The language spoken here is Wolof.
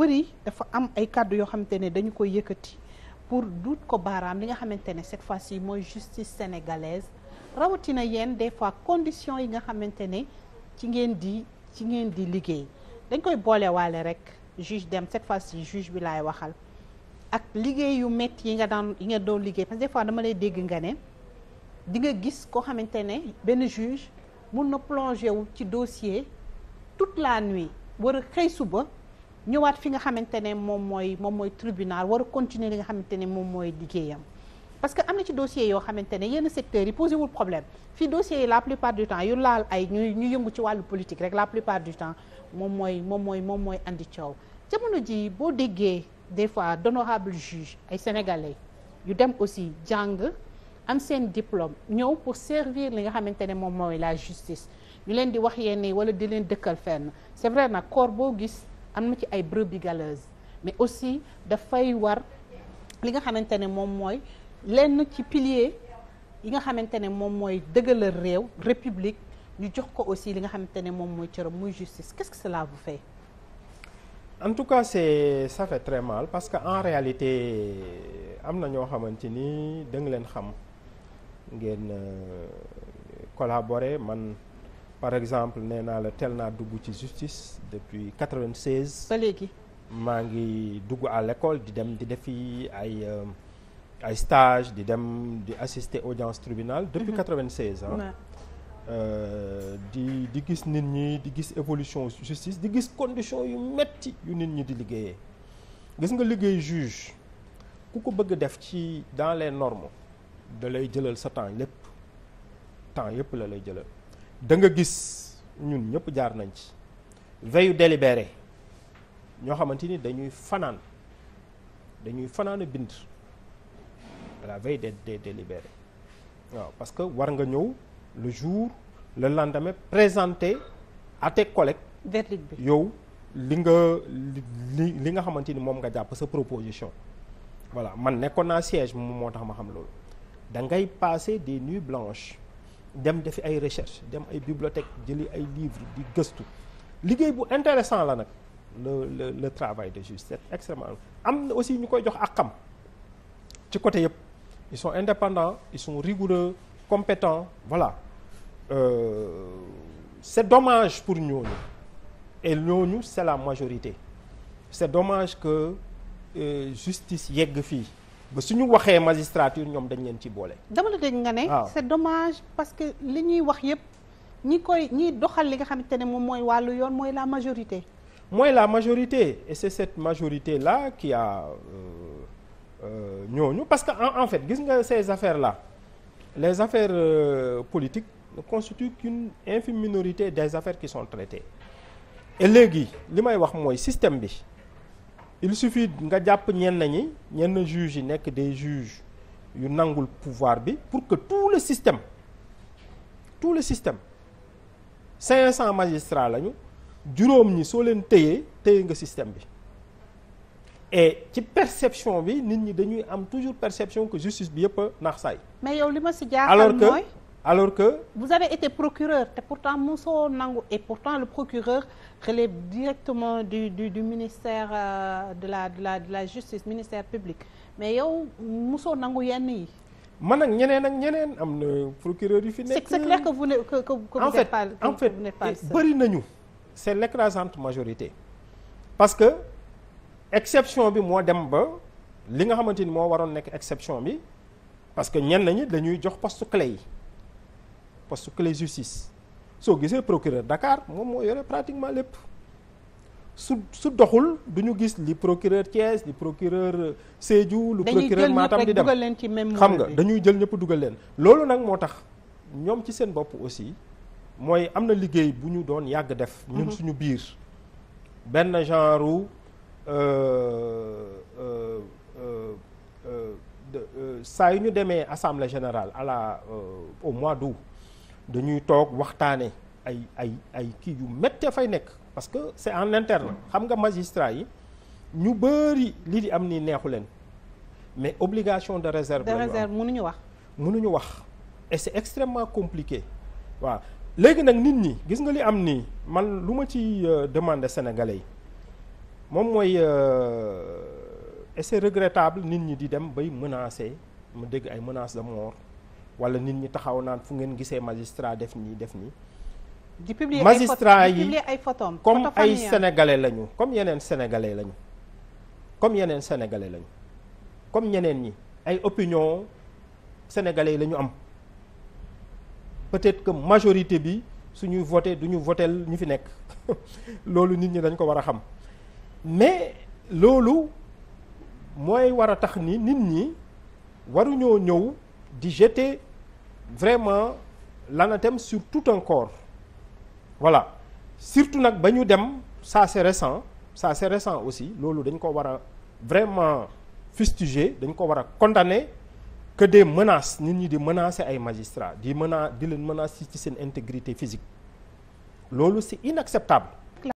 bëri dafa am ay kàddu yoo xamante ne dañu koy yëkkati pour duut ko baaraam li nga xamante ne cette fois-ci mooy justice sénégalaise rawatina yéen des fois conditions yi nga xamante ne ci ngeen di ci ngeen di liggéey dañ koy boolewaale rek juge dem cette fois-ci juge bi laay waxal ak liggéey yu métti yi nga daan yi doon liggéey parce que fois dama lay dégg nga ne di nga gis koo xamante ne benn juge mun na plonger wu ci dossier toute la nuit war xëy suba ñëwaat fi nga xamante ne moom mooy moom mooy tribunal war a continuer li nga xamante ne moom mooy liggéeyam parce que am na ci dossier yoo xamante ne yenn secteur yi posé wul problème fii dossiers yi la plupart du temps yu laal ay ñu yëngu ci wàllu politique rek la plupart du temps moom mooy moom mooy moom mooy andi coow jamono ji boo déggee des fois d'honorables juges ay sénégalais yu dem aussi jàng am seen diplôme ñëw pour servir li nga xamante ne moom mooy la justice ñu leen di wax yenn wala di leen dëkkal fenn c'est vrai nag corps boo gis am na ci ay brebis galeuses mais aussi dafay war li nga xamante ne moom mooy lenn ci pilier yi nga xamante ne moom mooy dëgëral réew république ñu jox ko aussi li nga xamante ne moom mooy cëram muy justice qu'est-ce que cela vous fait en tout cas c'est ça fait très mal parce que en réalité am na ñoo xamante ni da leen xam ngeen euh, collaborer man par exemple nee naa la teel naa dugg ci justice depuis 96. ba léegi. maa ngi dugg à l'école di dem di defi ay euh, ay stage di dem di assister audience tribunal. depuis 96 mhm. ah. Euh, di di gis nit ñi di gis évolution justice di gis condition yu metti yu nit ñi di liggéeyee gis nga liggéey juge ku ko bëgg def ci dans les norme da lay jëlal sa temps lépp temps yépp la lay jëlal. da nga gis ñun ñëpp jaar nañ ci veillu délibéré ñoo xamante ni dañuy fanaan dañuy fanaan bind la veille des des délibérés waaw parce que war nga ñëw le jour le lendemain présenté à tes collègues yow li nga li li nga xamante ni moom nga jàpp sa proposition voilà man nekkoon naa siège moo tax ma xam loolu da ngay passer des nuits blanches dem defi ay recherche dem ay bibliothèque jëli ay livres di gëstu liggéey bu intéressant la nag le le le travail de juge c'est extrêmement am na aussi ñu koy jox ak xam ci côté yëpp ils sont indépendant ils sont rigoureux compétents voilà euh, c'est dommage pour ñooñu et ñooñu c'est la majorité c'est dommage que euh, justice yegg fii ba ñu waxee magistrature ñoom dañ leen ci boole. dama la dégg nga ne. waaw c'est dommage parce que li ñuy wax yëpp ñi koy ñiy doxal li nga xamante ne moom mooy wàllu yoon mooy la majorité. mooy la majorité et c'est cette majorité la qui a ñooñu euh, euh, parce que en, en fait gis nga ces affaires la les affaires euh, politiques ne un qu'une minorité des affaires qui sont traitées et léegi li may wax mooy système bi. il suffit nga jàpp ñenn ñi ñenn juges yi nekk des juges yu nangul pouvoir bi pour que tout le système tout le système 500 magistrats lañu juróom ñi soo leen téyee téye nga système bi e ci perception bi nit ñi dañuy am toujours perception que justice bi yëpp a say mais yow li ma alors que alors que. vous avez été procureur te pourtant mosoo nangu et pourtant le procureur relève directement du du du ministère euh, de la de la de la justice ministère public mais yow mosoo nangu yenn yi. man ak ñeneen ak ñeneen am na procureur yu fi nekk. c'est clair que vous ne que que en fait, pas, que en fait bëri nañu. c'est l'écrasante majorité parce que exception bi moo dem ba li nga xamante ni moo waroon nekk exception bi parce que ñenn ñi dañuy jox poste clé yi. poste clé justice soo gisee procureur Dakar moom moo yore pratiquement lépp su su doxul du ñu gis li procureur Thiès li procureur euh, Sédhiou lu procureur Matam di dem xam nga dañuy jël ñëpp dugal leen loolu nag moo tax ñoom ci seen bopp aussi mooy am na liggéey bu ñu doon yàgg def ñun mhm. suñu biir benn genre euh, euh, saa yu ñu demee assemblée général à la au mois d'août dañuy toog waxtaane ay ay ay kii yu méttee fay nekk parce que c'est en interna xam nga magistrat yi ñu bëri li di am ni neexu leen mais obligation de réserve de réserve mënuñu wax mënuñu wax et c'est extrêmement compliqué waaw léegi nag nit ñi gis nga li am nii man lu ma ci euh, demander sénégalais yi moom mooy euh, et c'est regrettable nit ñi di dem bay menacer mu dégg ay menaces de mort wala nit ñi taxaw naan fu ngeen gisee magistrat def nii def nii. di publier magistrat yi ay photos comme ay sénégalais lañu comme yeneen sénégalais lañu. comme yeneen sénégalais lañu comme ñeneen ñi ay opinion yi lañu am peut-être que majorité bi suñuy voté duñu votel ñu fi nekk loolu nit ñi dañ ko war a xam mais loolu mooy war a tax ni nit ñi waruñoo ñëw di jeter. vraiment l'anathème sur tout un voilà surtout nag ba ñu dem ça c'est récent ça c'est récent aussi loolu dañ ko war a vraiment fustiger dañ ko war a condamner que des menaces nit ñi di menacer ay magistrats di mena di leen menacer ci seen intégrité physique loolu c'est inacceptable